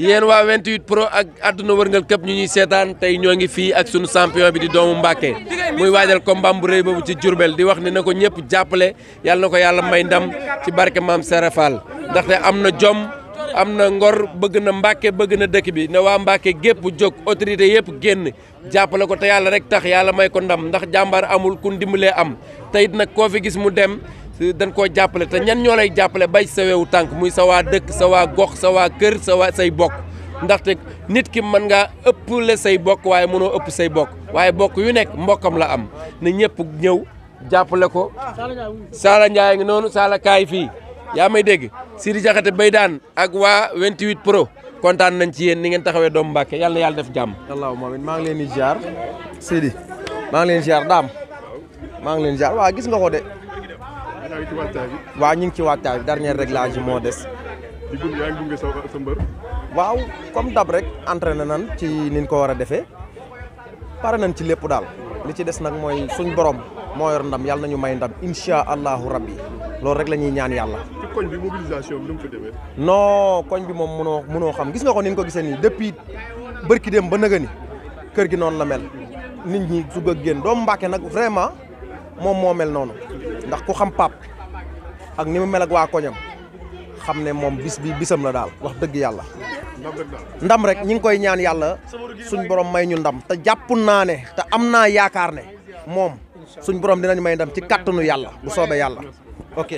yéen waa 28 pro ak àdduna wërngal këpp ñu ñuy seetaan tey ñoo ngi fii ak sunu champion bi di doomu Mbàkke muy waajal combat bu rëy boobu ci Diourbel di wax ne na ko ñëpp jàppale yàlla na ko yàlla may ndam ci barke maam Sere Fall ndaxte am na jom am na ngor bëgg na Mbàkke bëgg na dëkk bi ne waa Mbàkke gépp jóg autorité yëpp génn jàppale ko te yàlla rek tax yàlla may ko ndam ndax jàmbaar amul ku ndimbalee am tey it nag koo fi gis mu dem dañ koo jàppale te ñan ñoo lay jàppale bay sa wewu tànk muy sa waa dëkk sa waa gox sa waa kër sa waa say bokk ndaxte nit ki mën ëpp la say bokk waaye mënoo ëpp say bokk waaye bokk yu nekk mbokkam la am na ñëpp ñëw jàppale ko Saala Ndiaye ngi noonu Saala kaay fii yaa may dégg Sidi Jaxate bay daan ak waa 28 pro kontaan nañ ci yéen ni ngeen taxawee doomu Mbàkke yàlla na yàlla def jàmm allahumma amiin maa ngi leen di ziar gis nga ko de waaw ñu ngi ci waajtaay bi dernier réglage yi moo des. di waaw comme dab rek na nan ci ni ko war a defee pare nañ ci lépp daal li ci des nag mooy suñ borom moo yor ndam yàlla nañu may ndam insha allahu rabbi loolu rek la ñuy ñaan yàlla. ci koñ bi mobilisation demee. non koñ bi moom mënoo mënoo xam gis nga ko ni ñu ko gisee nii depuis bërki dem ba nëgëni kër gi noonu la mel. nit ñi su ko génn doomu Mbàkke nag vraiment moom moo mel noonu. ndax ku xam pap ak ni mu mel ak waa koñam xam ne moom bis bi bisam la daal wax dëgg yàlla ndam rek ñi ngi koy ñaan yàlla suñ borom may ñu ndam te jàpp naa ne te am naa yaakaar ne moom suñ borom dinañ may ndam ci kàttanu yàlla bu soobee yàlla ok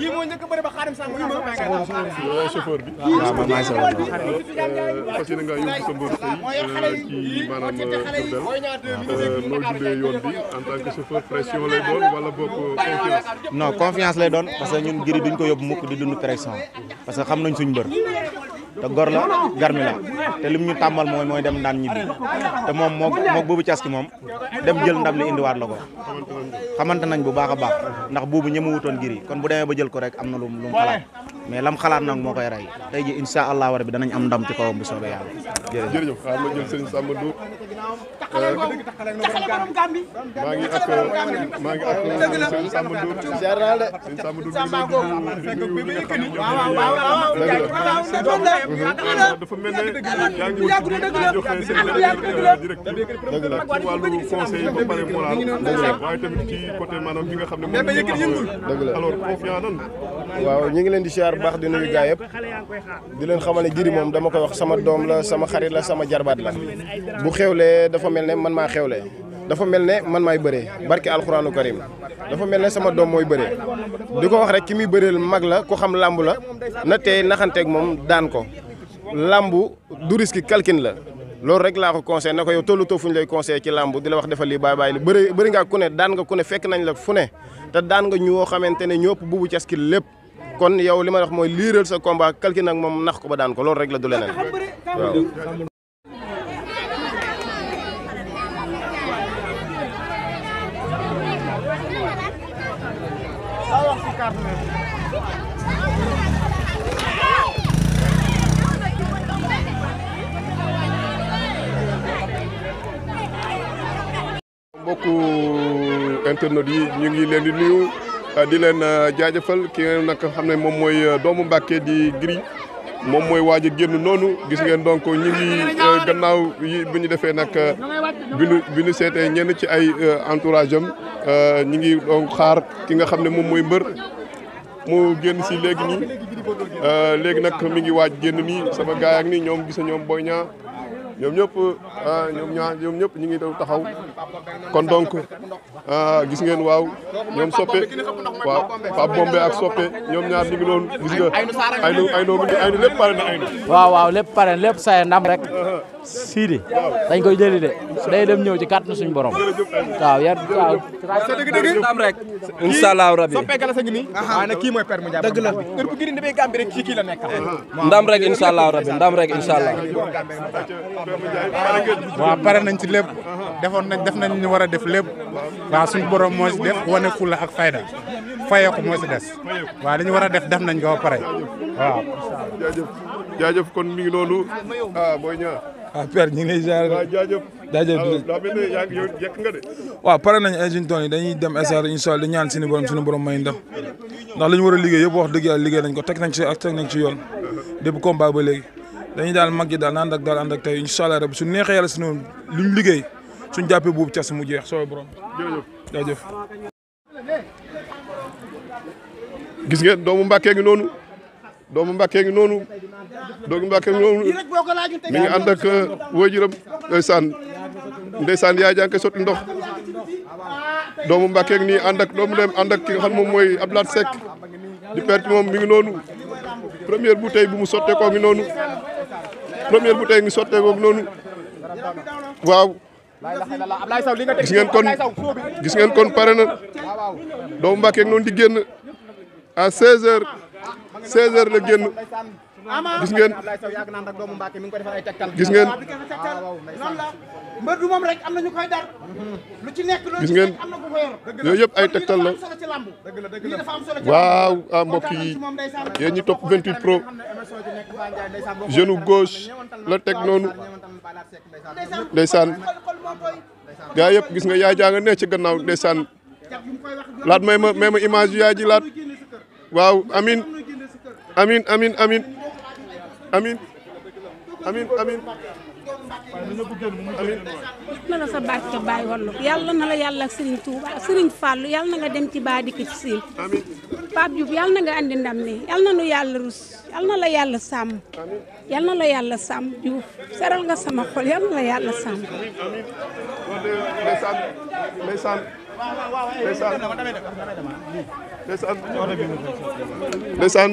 kii moo njëkk a bëri ba xaarim sàmm yi ma chauffeur bi waaw man maay sama euh, fas yéene nga yóbbu sa mbër tey euh, ci maanaam euh, Diourbel noo jubee yoon bi en tant que chauffeur pression lay doon wala boog confiance non confiance lay doon parce que ñun giri duñ ko yóbbu mukk di dund pression parce que xam nañ suñ mbër te gor la garmi la te lim ñu tàmmal mooy mooy dem ndaan ñibbi te moom moo moo buubu caski moom dem jël ndam li indiwaat la ko xamante nañ bu baax a baax ndax buubu ñëma wutoon giri kon bu demee ba jël ko rek am na lu lu mu xalaat mais lam xalaat nag moo koy rey tey ji incha allah rabbi danañ am ndam ci kawam bu soobee yàlla Euh, maa ngi ak maa ngi dafa mel ne yaa ngi joxe seen direct xam ne moom waaw ñu ngi leen di siyaar baax di nuyu gaa yëpp di leen xamal ne Giri moom dama koy wax sama doom la sama xarit la sama jarbaat la bu xewlee te dafa mel ne man maa xew xewle dafa mel ne man maay bëree barke alxuraanu karim dafa mel ne sama doom mooy bëree di ko wax rek ki muy bëreel mag la ku xam làmb la na tey naxanteeg moom daan ko làmb du risque calcul la loolu rek laa ko conseillé na ko yow tollu too fu ñu lay conseillé ci làmb di la wax defal lii bàyyi bàyyi li bëri bëri ngaa ku ne daan nga ku ne fekk nañ la fu ne te daan nga ñoo xamante ne ñëpp buubu caski lépp kon yow li ma wax mooy liiral sa combat calcul nag moom nax ko ba daan ko loolu rek la du leneen loo internet yi ñu ngi leen di nuyu di leen uh, jaajëfal ki ngeen xam ne moom mooy uh, doomu Mbàkke di Gris moom mooy waaj a génn noonu gis ngeen donc ñu ngi uh, gannaaw yi bu ñu defee nag. bi nu bi nu seetee ñenn ci ay euh, entourage am euh, ñu ngi doon xaar ki nga xam ne moom mooy mbër mu génn si léegi nii euh, léegi nag mi ngi waaj génn nii sama gaay ak nii ñoom gisa ñoom Boy Niang ñoom ñëpp ah, ñoom ñaa ñoom ñëpp ñu ngi doon taxaw kon donc ah, gis ngeen waaw ñoom soppe waaw Pape Bombe ak soppe ñoom ñaar ñu ngi doon gis nga. aynu aynu aynu lépp pare na aynu. waaw waaw lépp pare lépp say ndam rek. Uh-huh. Sidi dañ koy jëli de day dem ñëw ci kàttanu suñu borom waaw yar waaw sa rek inshallah rabbi so pegal sa ngi ni waaye nag kii mooy père mu jàpp dëgg la heure bu gërin dafay gàmbi rek ci kii la nekk ndam rek inshallah rabbi ndam rek inshallah waaw pare nañ ci lépp defoon nañ def nañ ñu war a def lépp waaw suñ borom moo si def wane fula ak fayda fayeeku moo si des waaw li ñu a def def nañ ko ba waaw ah, père ñu ngi lay ziar. waaw jaajëf jaajëf. daa mel ni yaa ngi yow yekk nga de. waaw pare nañu insuñu tool yi dañuy dem SR incha allah di ñaan suñu borom suñu borom may ndam ndax li ñu war a liggéey yëpp wax dëgg yàlla liggéey nañ ko teg nañ ci ak teg nañ ci yoon depuis combat ba léegi dañuy daal mag yi daal naan ak daal ànd ak tey incha allah rabbi su neexee yàlla suñu lu ñu liggéey suñu jàppee buubu cas mu jeex sooy borom. jërëjëf jaajëf. gis ngeen doomu Mbàkke ngi noonu doomu Mbàkke ngi noonu doomu Mbàkke ngi noonu mi ngi ànd ak uh, waajuram ndeysaan ndox doomu mbakee ngi nii ànd ak doomu dem ànd ak ki nga xam moom mooy Abdoulaye Seck di perte moom mi ngi noonu première bouteille bu mu sottee koo ngi noonu première bouteille ngi sottee koo ngi noonu waaw gis ngeen kon gis ngeen kon pare na doomu Mbàkke ngi noonu di génn à 16 16 heures la génn gis ngeen gis ngeen mbër du moom rek am na ñu koy dar lu gis ngeen yooyu yëpp ay tegtal la waaw ah mbokk yi yéen ñi topp 28 pro genou gauche la teg noonu ndeysaan gaa yëpp gis nga yaay jaa nga ne ci gannaaw laat may ma image yu laat waaw amin amin amin amin amin amin amin amin na la sa barke baay wallu yàlla na la yàlla ak Serigne Touba Serigne Fallou yàlla na nga dem ci baa dikk ci siin Pape Diouf yàlla na nga andi ndam ne yàlla na nu yàlla rus yàlla na la yàlla sàmm yàlla na la yàlla sàmm Diouf seral nga sama xol yàlla na la yàlla sàmm ndeysaan ndeysaan ndeysaan ndeysaan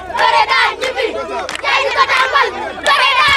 Toré daal ñibbi yaay di ko tàmbal Toré daal